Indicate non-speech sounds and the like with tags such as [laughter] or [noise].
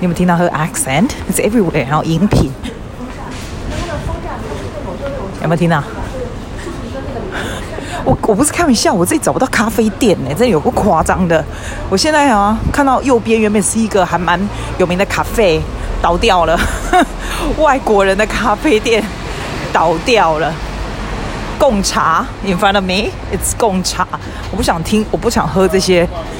你有冇聽到 her accent？It's everywhere，然後飲品。有沒有聽到？我我不是開玩笑，我自己找不到咖啡店咧、欸。這裡有個誇張的。我現在啊，看到右邊原本是一個還蠻有名的咖啡店倒掉了。 [laughs] 外國人的咖啡店倒掉了。貢茶，in front of me？It's 貢茶。我不想聽，我不想喝這些。